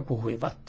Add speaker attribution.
Speaker 1: puhuivat.